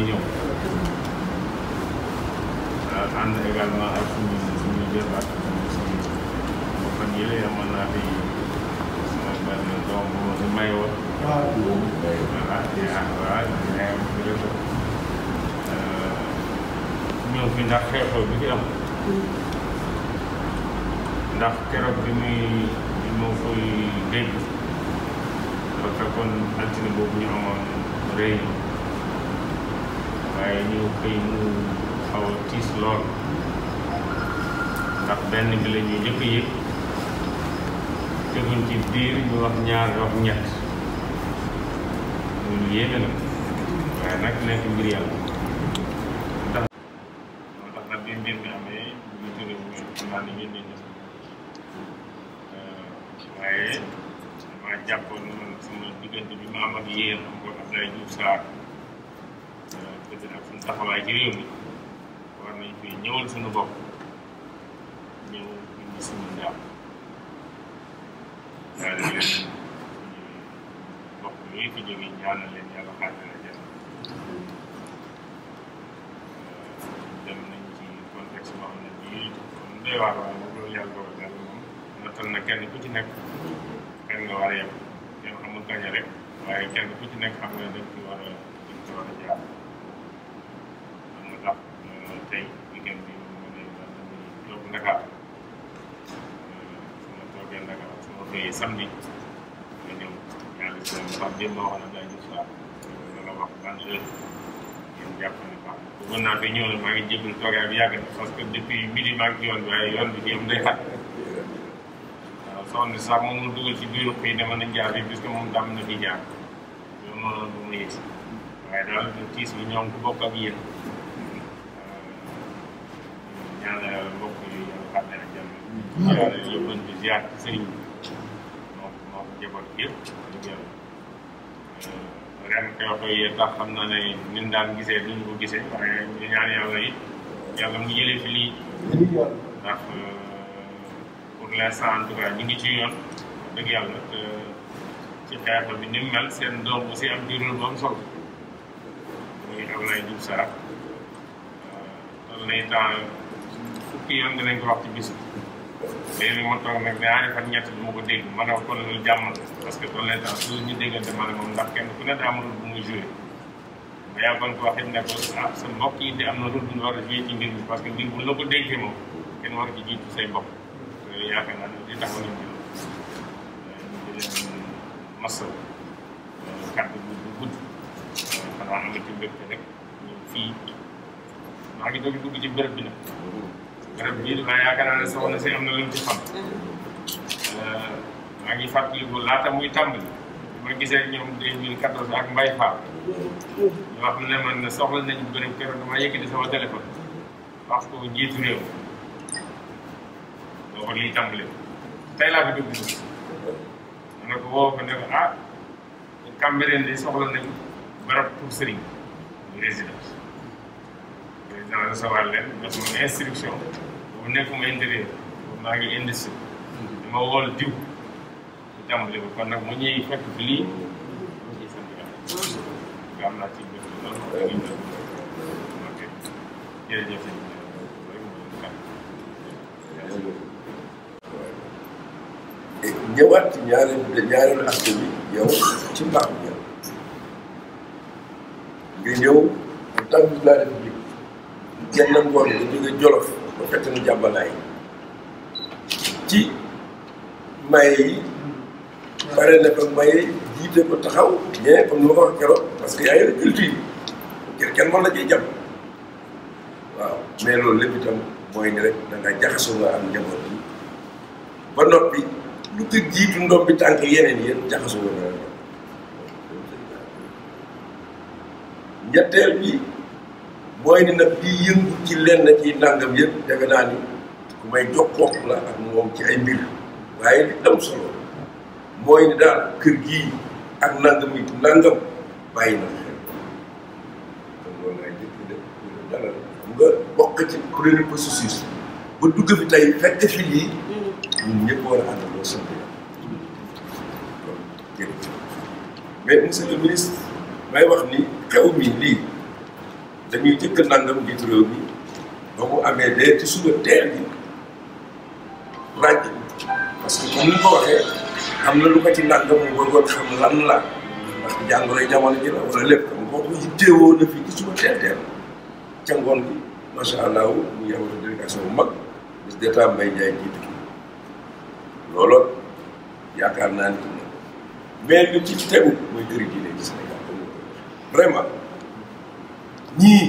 mi ñëw ànd également ak suñu suñu jërbaat suñu fan yële amoon naa fi sama benn doom bu ma si may woon voilà di ànd waa di neex di rek euh, ñëw fi ndax xew-xew bi fi am ndax keroog bi muy bi ma koy dégg dafa fekkoon altine boobu ñu amoon réunion waaye ñu xëy mu xaw a lool ndax benn bi la ñuy njëkk yëg teguñ biir ñu wax ñaar wax ñett loolu yéeme na waaye nag nekk mbir yàlla ndax moo tax nag bi mbir mi amee euh, ko Abdoulaye Diouf Sarr peut-être ak suñu ci réew mi war nañ fi ñëwal suñu bopp ñëw indi suñu ndaam daal di leen suñu bopp yooyu fi leen yàlla xaajale jàmm dem nañ ci contexte yàlla dogal yàlla moom nattal na kenn ku ci nekk kenn nga war a yem kenn amul gañe rek waaye kenn ku ci nekk xam nga def ci war a def ci war a jaar tey samedi nga ñëw ñaari seen Pape Diop ma waxoon ak Abdoulaye Diouf Sarr loolu la wax ban heure ngeen jàpp ne baax na. bëggoon naa fi ñëw ne maa ngi jégalu toogaay bi yàgg na parce que depuis midi maa ngi yoon bi waaye yoon bi jéem day xat waaw soxna sax moom mu dugal ci biiru xëy dama nañ jaar bi puisque moom dam na fi jaar loolu moo doon ba mu yëg waaye daal du tiis bi ñoom ku bokk ak yéen ñaan la yàlla mbokk yi yàlla xam ne ak jàmm. Mm-hmm. yàlla yóbban bi ziar ci sëriñ bi. yëpp wax dëgg yàlla ren xew-xew yee tax xam naa ne ñun daan gisee duñu ko gisee waaye ñu ñaan yàlla yi yàlla mu jëlee fi lii ndax euh, pour l'instant en tout cas ñu ngi ci yoon wax dëgg yàlla te ci xeexal bi ni mel seen doom aussi am juróom ba mu sol muy Ablaye Diouf Sarr toll euh, nay temps fukki yoon dinañ ko wax ci bis bi léegi ma toog nag ñaari fan ñett du ko dégg ma ne ko kon loolu parce que dans les temps toujours ñu déggante ma ne moom ndax kenn ku ne daa am rôle bu muy joué ma yàggoon ko waxit ne ko ah sa yi di am na rôle bu ñu war a joué ci mbir mi parce que mbir bu la ko déggee moom kenn war ci jiitu say mbokk naa ne di taxaw nañ ci ñu di ci mbégte rek fii maa ngi doog dugg ci bërëb bi nag garab gi damaa yaakaar ne soxna si am na lu mu ci xam. maa ngi fàttaliku laata muy tàmbali. ma gisee ñoom 2014 ak Mbaye Fall. ñoo xam ne man soxla nañu bërëb keroog dama yëkkati sama téléphone. wax ko jiitu réew. boo ko lii tàmbali tey laa fi dugg dugg. ne woo ko ne ko ah. Cambérène de soxla nañu barab pour Serigne résidence. dana recevoir leen def ma instruction bu nekkuma intérieur maa ngi industrie dama wool diw ñu tàmbali ko kon nag mu ñuy fekk bi lii mu ciy sant yàlla am naa ci biir loolu ok jërëjëf ñëwaat ci ñaareelu ñaareelu aspect bi yow ci mbaax bi nga ñëw en tant que genn ngoon nga Jolof ba fekk nu jàmbalaay ci maye yi bare na ko jiite ko taxaw mais comme ni ma ko keroog parce que yaa yore culture kenn kenn mën na ciy jàpp waaw mais lépp itam mooy rek da jaxasoo nga am njaboot bi ba noppi lu ko jiitu ndoom tànk yeneen yéen jaxasoo nga ñetteel bi booy di nag di yëngu ci lenn ci ndàngam yëpp defe naa ni ku may jokkook la ak moom ci ay mbir waaye li am solo mooy ni daal kër gi ak ndàngam yi ndàngam bàyyi na xel xew mi lii dañuy jëkk nangam njiitu réew mi ba mu amee dee ci suba teel bi ràññ parce que comme ni ko waxee am na lu ko ci nangam mu bëggoon xam lan la ndax jàngoro jamono ji lépp comme kooku yitteewoo na fii ci suba ngoon bi macha allah mu yewala délégation bu mag bis d'état Mbaye Ndiaye jiitu ki looloo yaakaar naa ni mais lu ci tegu mooy këri diine ci Sénégal vraiment ñii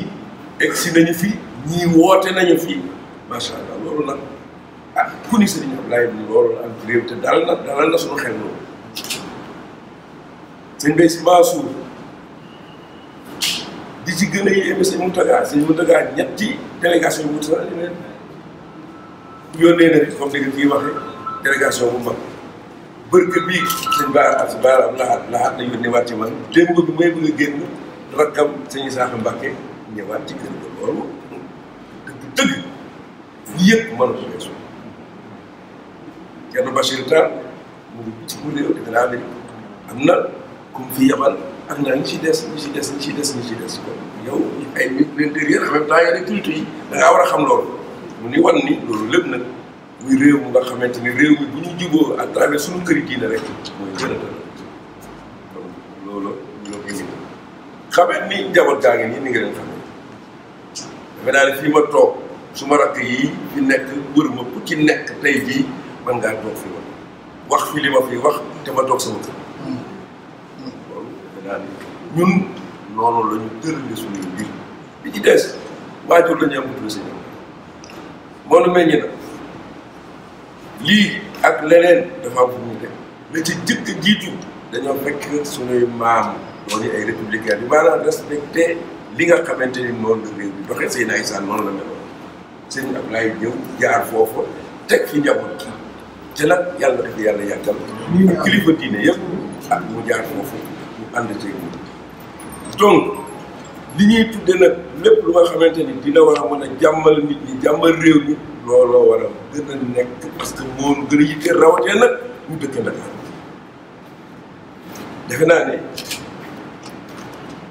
egsi nañu fi ñii woote nañu fi macha allah loolu nag ah ku ni sëriñ Ablaye bi loolu la ak réew te dal na dalal na suñu xel loolu sëñ Bay Si Mansour di ci gën a yéeme sëñ Moutaga sëñ Moutaga ñetti délégation bu sa li leen yónnee na comme ni nga kii waxee délégation bu mag bërkë bii sëñ Ba ak Ba Lahad Lahad la yónnee waat ci man démb bi may bëgg génn rakkam sëñ Isaaxa Mbàkke ñëwaat ci kër ga loolu dëgg dëgg yëpp mën a weesu kenn Bachir Tall mu ngi ci mu réew am na comme fi yabal ak naa ñi ci des ñi ci des ñi ci des ñi ci des kon yow ay ministre intérieur en même temps yi da war a xam loolu mu ni wan ni loolu lépp nag muy réew mu nga xamante ni réew mi bu ñu juboo à travers suñu këri diine rek mooy gën a xamee ni njaboot gaa ngi nii ni nga leen xamee dafa toog su ma yi nekk wër ci nekk tey jii man ngaa toog fi wax te ma toog sama kër loolu dafa daal ñun noonu la ñu lii ak leneen dafa am fu ñu teg la ci jëkk jiitu dañoo fekk suñuy maam moo di ay bi nga xamante ni noonu la réew mi doxee Seydina Issa foofu teg fi njaboot yàlla yàlla yàggal ak kilifa diine donc li ñuy tudde nag lépp lu nga xamante ni dina war a mën a jàmmal nit ñi jàmmal réew mi looloo war a gën a nekk parce moom gën a yitte rawatee nag ñu dëkk Ndakaaru defe naa ne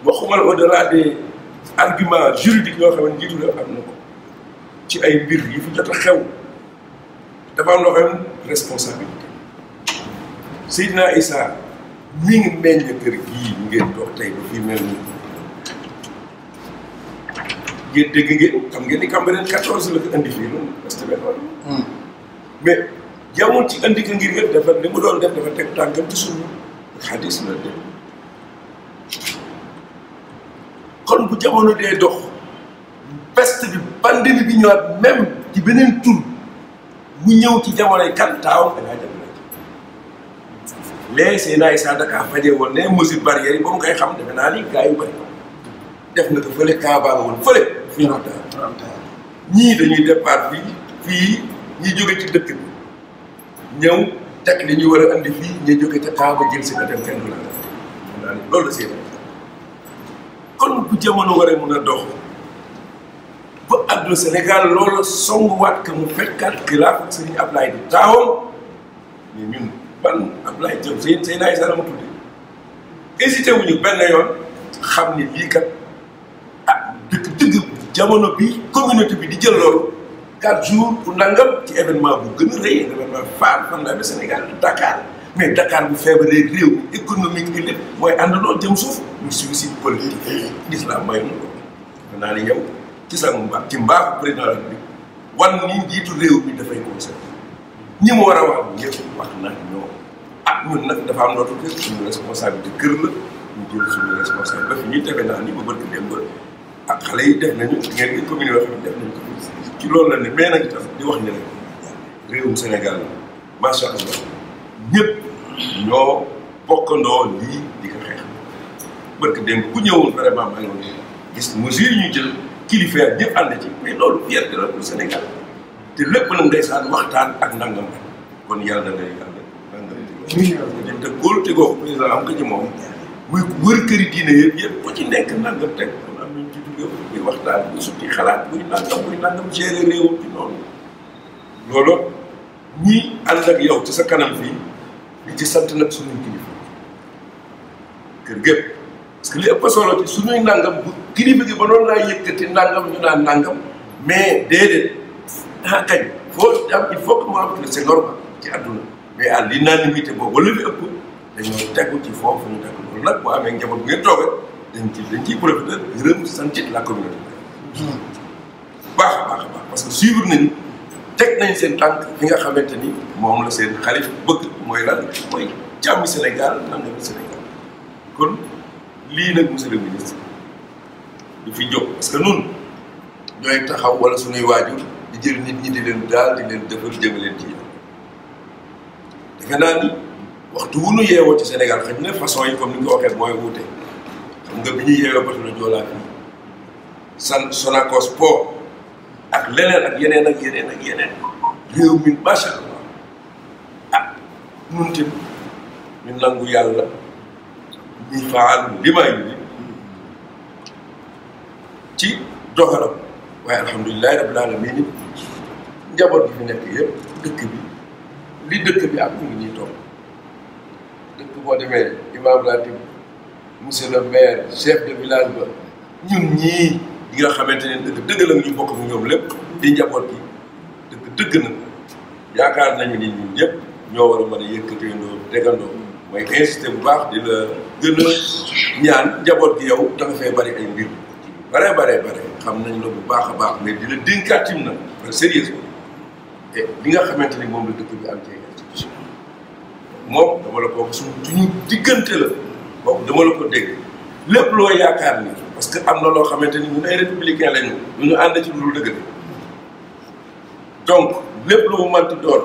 waxuma la au delà des arguments juridiques yoo xam am na ko ci ay biir yi fi jot a xew dafa am loo xam responsabilité Seydina Issa mi ngi meññ kër gii ngeen toog tey ba fii mel nii ngeen dégg ngeen xam ngeen ni Cambérène 14 la ko indi fii loolu est hmm. mais yamul ci indi ko ngir yëpp dafa li mu doon def dafa teg tànkam ci suñu xadis la bu jamono dee dox peste bi pandémie bi ñëwaat même ci beneen tur mu ñëw ci jamonoy kan taawam dangaa jamono ji léegi Seydina Issa dakaa faje woon ne mesure barrière yi ba mu koy xam defe naa ni gars yu bëri def na ko fële Kaaba fële ñii dañuy départ fii fii ñi jóge ci dëkk bi ñëw teg li ñuy war a indi fii ñi jóge ca Kaaba jël si na dem kenn du la loolu la kon bu jamono waree mun a dox ba àdduna Sénégal loola songuwaat que mu fekkaat xilaaf ak Serigne Ablaye di taawam mais ñun ban Ablaye Diop seen seen ay sax ma tudde hésité wuñu benn yoon xam ne lii ka ah dëgg dëgg jamono bi communauté bi di jël loolu quatre jours pour nangam ci événement bu gën a rëy événement phare fan la Sénégal Dakar. mais Dakar bu feebaree réew économique bi lépp mooy àndandoo jëm suuf ñu suicide politique l'islam may mun ko naa ne yow ci sa mbaax ci mbaaxu président de la République wan ni njiitu réew bi dafay conseil ñi mu war a wax ñëpp wax naa ñoo ah, nag dafa am notre kër suñu responsabilité kër la ñu jël suñu responsabilité ba ni ba bëgg dem ba ak ah, xale yi def nañu ngeen ngi commune yoo xam ne def nañu ci loolu na ne mais nag itam di wax ne la réewum Sénégal la macha allah ñëpp ñoo bokkandoo lii di ko xeex barke dem ku ñëwoon vraiment maa ngi woon gis mesure ñu jël kilifeer ñëpp ànd ci mais loolu fierté la pour Sénégal te lépp nag ndeysaan waxtaan ak ndangam kon yàlla na ngay yàlla ndangam te góor am ko ci moom muy wër këri ku ci nekk nangam waxtaan bu suti xalaat muy nangam muy nangam gérer réewam ci noonu loolu ñi ànd ak yow ci sa kanam fii li ci kër gépp parce que li ëpp solo ci suñuy nangam bu kilifa gi ba noonu laa yëkkati nangam ñu naan nangam mais déedéet daa ah, kañ foo am ci àdduna mais à l'unanimité boobu wala li ëpp dañoo tegu ci foofu ñu tegu loolu nag boo amee njaboot bu ngeen toogee dañ ci dañ ciy profité gërëm ci sant la communauté hmm. baax a baax a parce que suivre nañu teg nañ seen tànk bi nga xamante ni moom la seen xalif bëgg mooy lan mooy jàmm Sénégal nangamu Sénégal kon lii nag monsieur le ministre du fi jóg parce que nun ñooy taxaw wala suñuy waajur di jël nit ñi di leen daal di leen defal jëmaleen ci defe naa ni waxtu wu ñu yeewoo ci Sénégal xëy na façon yi comme ni nga waxee mooy wuute xam nga bi ñuy yeewoo batu la joolaa fii san Sonacos po leneen ak yeneen ak yeneen ak yeneen réew mi macha allah ah ñu nangu yàlla ñu faal li ci doxalam waaye alhamdulilahi rabbil alamin it njaboot bi fi nekk yëpp dëkk bi ak ñu ngi ñuy dëkk boo demee imam ratib monsieur le maire chef de village ba ñun ñii ñi xamante ne dëgg dëgg la ñu bokk mu ñoom lépp di njaboot gi dëgg dëgg na yaakaar nañu ni ñun ñëpp ñoo war a mën a yëkkateendoo tegandoo mooy insisté bu baax di la gën a ñaan njaboot gi yow da nga bari ay mbir bare bare bare xam nañ la bu baax a baax mais di la dénkaatim na par sérieusement et nga xamante ni moom la dëkk bi am ci institution moom dama la ko suñu diggante la boobu dama la ko dégg lépp loo yaakaar ni parce que am na loo xamante ni ñun ay républicain lañu ñu ñu ànd ci lu dul dëgg donc lépp lu mu mënti doon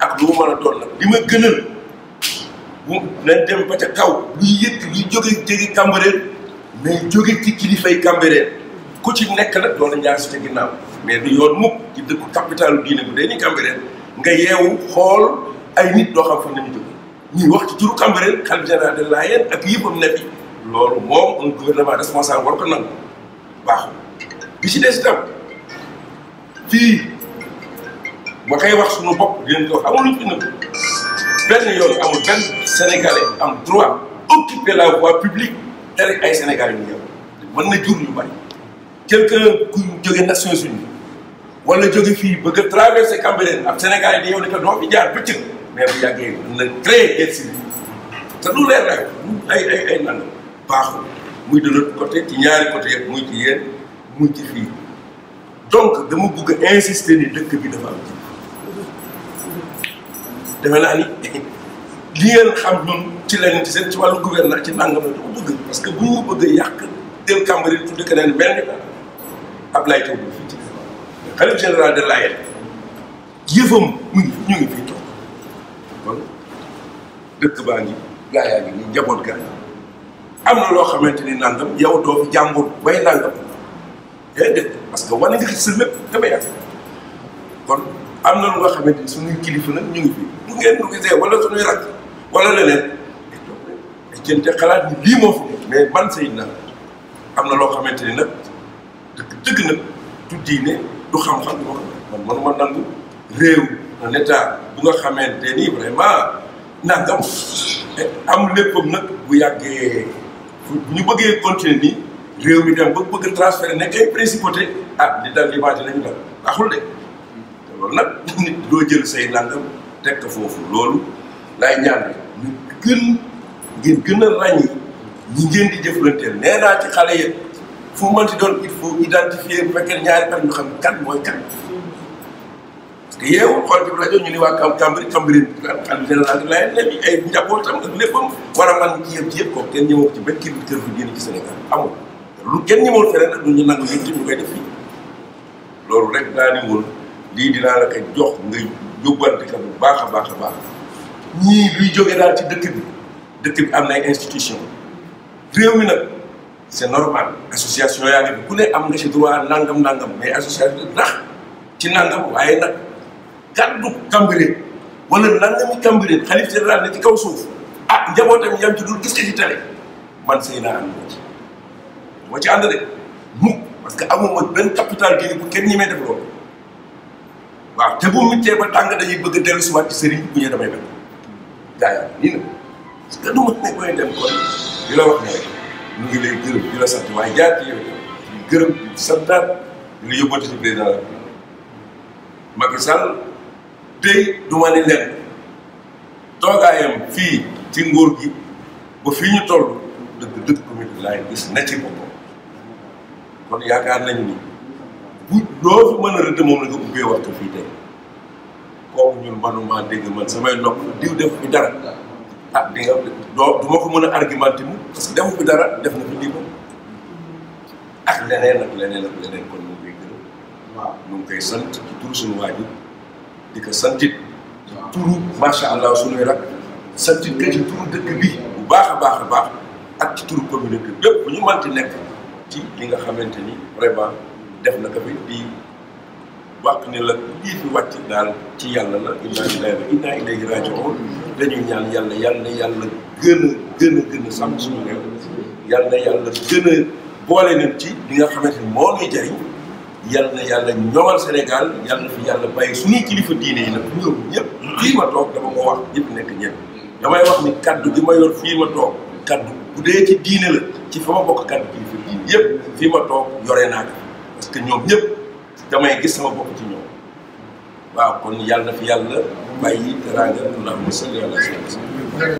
ak lu mu mën doon nag li ma gënal bu nañ dem ba ca kaw luy yëkk luy jóge jege Cambérène mais jóge ci kilifay Cambérène ku ci nekk nag doon na ñaar si ca ginnaaw mais du yoon mukk ci dëkku capitalu diine bu dee ni Cambérène nga yeewu xool ay nit doo xam fan la ñu jóge ñuy wax ci turu Cambérène xalifa général de Laayeen ak yëppam ne fi loolu moom un gouvernement responsable war ko nangu baaxul bi ci des itam fii ma koy wax suñu bopp di leen ko amul lu ci nëbb benn yoon amul benn am droit occuper la voie publique tere ay sénégalais ñu yow mën na jur ñu bari quelqu'un ku jóge Nations Unies wala jóge fii bëgg a traversé Cambérène ab Sénégalais di yow ne ko fi jaar bëccëg mais bu yàggee na créé des te lu leer la ay ay ay nan baaxul muy de l'autre côté ci ñaari côté yëpp muy ci yéen muy ci fii donc dama bugg a insister ni dëkk bi dafa am ji defe naa ni li ngeen xam ñun ci leen ci seen ci wàllu gouvernement ci nangam la dama bëgg parce que bu ñu bëgg a yàq jël Cambérène tudde keneen mel ni Ablaye Thiaw fii ci xalif général de Layène yëfam mu ngi ñu fii toog dëkk baa ngi gaa yaa ngi njaboot gaa am na loo xamante ni nangam yow doo fi jàmbur que wane am na lu xamante ni suñuy kilifa nag ñu ngi fi bu xalaat ni am na loo xamante ni nag dëgg dëgg nag du diine du xam-xam du man mënuma nangu réew un état bu nga xamante ni vraiment nangam am léppam nag bu yàggee ñu bëggee continuer nii réew mi dem ba bëgg transférer nekk ay principauté ah li dal libaati lañu dal baaxul de loolu nag nit doo jël say langam teg ko foofu loolu lay ñaan ñu gën ngeen gën a ràññi ñi ngeen di jëflanteel nee naa ci xale yëpp fu mu mënti doon il faut identifier bu fekkee ñaari at ñu xam kan mooy kan. yeewu xool ci rajo ñu ne waa kaw Cambérène Cambérène xalifa général bi laay lépp ay njabootam ak léppam war a man ci yëpp ci yëpp kooku kenn ñëwoo ci benn kii bi kër gi génn ci Sénégal amul lu kenn ñëwoon feneen ak lu ñu nangu yëpp ñu koy def fii loolu rek daa ni woon lii dinaa la ko jox nga yóbbante ka bu baax a baax a baax ñii luy jógee daal ci dëkk bi dëkk bi am na ay institution réew mi nag c'est normal association yaa ngi fi ku ne am nga ci droit nangam nangam mais association ndax ci nangam waaye nag kaddu Cambérène wala nangami Cambérène xalif général ne ci kaw suuf ah njabootam yam ci dul gis nga ci tale man sëy naa ànd ci moo ci de mukk parce que amuma benn capital gi bu kenn ñi may def loolu waaw te bu mittee ba tàng dañuy bëgg a dellu bu ñëwee dem kon di la wax ne rek ñu ngi lay gërëm di la sant waaye jaar ci yow gërëm di santaat la yóbbooti ci président tey du ni leen toogaayam fii ci nguur gi ba fii ñu toll dëgg dëgg commune bi laay gis na ci boppam kon yaakaar nañu ni bu loo fi mën a rëdd moom la nga ubbee wax fii tey kooku ñun manuma dégg man samay nopp diw def fi dara ah di doo du ko mën a argumenté mu parce defu fi dara def na fi lii moom ak leneen ak leneen ak leneen kon ñu ngi koy gërëm waaw ñu ngi koy sant ci tur suñu waajur di ko santit turu macha allah suñuy rak santit ka ci turu dëkk bi bu baax a baax a baax ak ci turu commune bi bépp bu ñu mënti nekk ci li nga xamante ni vraiment def na ko fi di wax ne la lii fi wàcc daal ci yàlla la inna lillahi wa inna ilayhi raji'un dañuy ñaan yàlla yàlla yàlla gën a gën a gën a sàmm suñu réew yàlla yàlla gën a boole leen ci li nga xamante ni moo ñuy jariñ yal na yàlla ñoŋal Sénégal yal na fi yàlla bàyyi suñuy kilifa diine yi nag ñoom ñëpp fii ma toog dama ko wax ñëpp nekk ñëpp damay wax ni kàddu gi ma yor fii ma toog kaddu bu dee ci diine la ci fa ma bokk kaddu kilifa diine yëpp fii ma toog yore naa ko parce que ñoom ñëpp damay gis sama bopp ci ñoom waaw kon yàlla na fi yàlla bàyyi teraanga naa ma sallallahu alayhi wa sallam